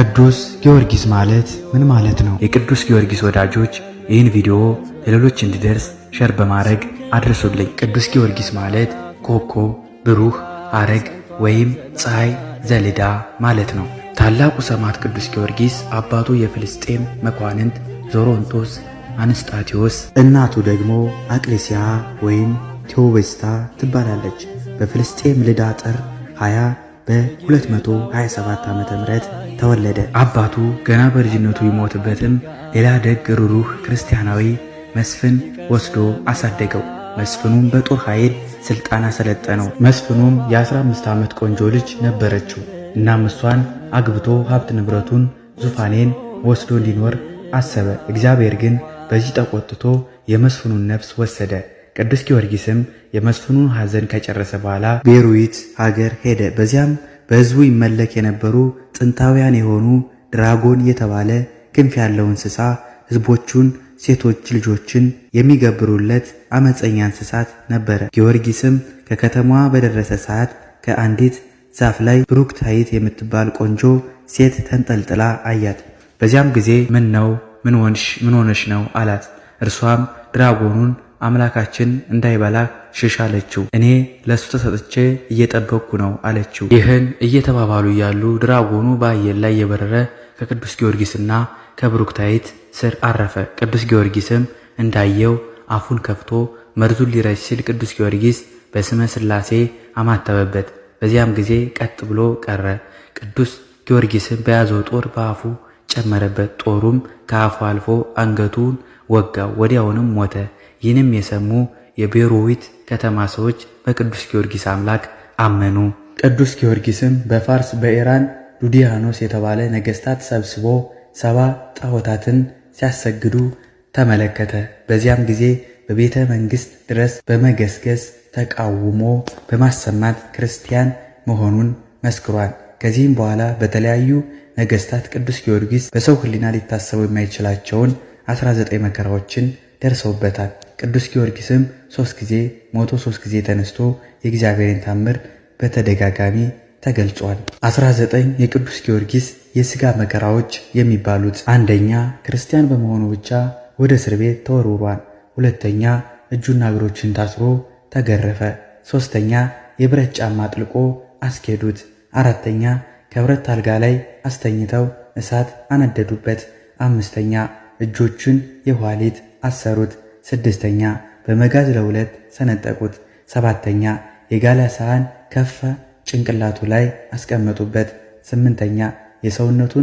ቅዱስ ጊዮርጊስ ማለት ምን ማለት ነው? የቅዱስ ጊዮርጊስ ወዳጆች ይህን ቪዲዮ ለሌሎች እንዲደርስ ሸር በማድረግ አድርሱልኝ። ቅዱስ ጊዮርጊስ ማለት ኮከብ፣ ብሩህ፣ አረግ ወይም ፀሐይ ዘልዳ ማለት ነው። ታላቁ ሰማዕት ቅዱስ ጊዮርጊስ አባቱ የፍልስጤም መኳንንት ዞሮንቶስ አንስጣቴዎስ፣ እናቱ ደግሞ አቅሌስያ ወይም ቴዎቤስታ ትባላለች። በፍልስጤም ልዳ ጥር 20 በ227 ዓ ም ተወለደ። አባቱ ገና በልጅነቱ ይሞትበትም ሌላ ደግ ሩሩህ ክርስቲያናዊ መስፍን ወስዶ አሳደገው። መስፍኑም በጦር ኃይል ስልጣን አሰለጠነው። መስፍኑም የ15 ዓመት ቆንጆ ልጅ ነበረችው። እናም እሷን አግብቶ ሀብት ንብረቱን ዙፋኔን ወስዶ እንዲኖር አሰበ። እግዚአብሔር ግን በዚህ ተቆጥቶ የመስፍኑን ነፍስ ወሰደ። ቅዱስ ጊዮርጊስም የመስፍኑን ሐዘን ከጨረሰ በኋላ ቤሩዊት ሀገር ሄደ። በዚያም በሕዝቡ ይመለክ የነበሩ ጥንታውያን የሆኑ ድራጎን የተባለ ክንፍ ያለው እንስሳ ሕዝቦቹን ሴቶች ልጆችን የሚገብሩለት አመፀኛ እንስሳት ነበረ። ጊዮርጊስም ከከተማዋ በደረሰ ሰዓት ከአንዲት ዛፍ ላይ ብሩክታይት የምትባል ቆንጆ ሴት ተንጠልጥላ አያት። በዚያም ጊዜ ምን ነው ምን ሆንሽ ነው አላት። እርሷም ድራጎኑን አምላካችን እንዳይበላህ ሽሽ አለችው። እኔ ለእሱ ተሰጥቼ እየጠበቅኩ ነው አለችው። ይህን እየተባባሉ እያሉ ድራጎኑ በአየር ላይ የበረረ ከቅዱስ ጊዮርጊስና ከብሩክታይት ስር አረፈ። ቅዱስ ጊዮርጊስም እንዳየው አፉን ከፍቶ መርዙን ሊረጭ ሲል ቅዱስ ጊዮርጊስ በስመ ስላሴ አማተበበት። በዚያም ጊዜ ቀጥ ብሎ ቀረ። ቅዱስ ጊዮርጊስም በያዘው ጦር በአፉ ጨመረበት። ጦሩም ከአፉ አልፎ አንገቱን ወጋው። ወዲያውንም ሞተ። ይህንም የሰሙ የቤሮዊት ከተማ ሰዎች በቅዱስ ጊዮርጊስ አምላክ አመኑ። ቅዱስ ጊዮርጊስም በፋርስ በኢራን ዱዲያኖስ የተባለ ነገስታት ሰብስቦ ሰባ ጣዖታትን ሲያሰግዱ ተመለከተ። በዚያም ጊዜ በቤተ መንግሥት ድረስ በመገስገስ ተቃውሞ በማሰማት ክርስቲያን መሆኑን መስክሯል። ከዚህም በኋላ በተለያዩ ነገስታት ቅዱስ ጊዮርጊስ በሰው ሕሊና ሊታሰቡ የማይችላቸውን 19 መከራዎችን ደርሰውበታል። ቅዱስ ጊዮርጊስም ሦስት ጊዜ ሞቶ ሦስት ጊዜ ተነስቶ የእግዚአብሔርን ታምር በተደጋጋሚ ተገልጿል። 19 የቅዱስ ጊዮርጊስ የሥጋ መከራዎች የሚባሉት አንደኛ ክርስቲያን በመሆኑ ብቻ ወደ እስር ቤት ተወርውሯል። ሁለተኛ እጁና እግሮችን ታስሮ ተገረፈ። ሦስተኛ የብረት ጫማ አጥልቆ አስኬዱት። አራተኛ ከብረት አልጋ ላይ አስተኝተው እሳት አነደዱበት። አምስተኛ እጆቹን የኋሊት አሰሩት። ስድስተኛ በመጋዝ ለሁለት ሰነጠቁት። ሰባተኛ የጋለ ሳህን ከፈ ጭንቅላቱ ላይ አስቀመጡበት። ስምንተኛ የሰውነቱን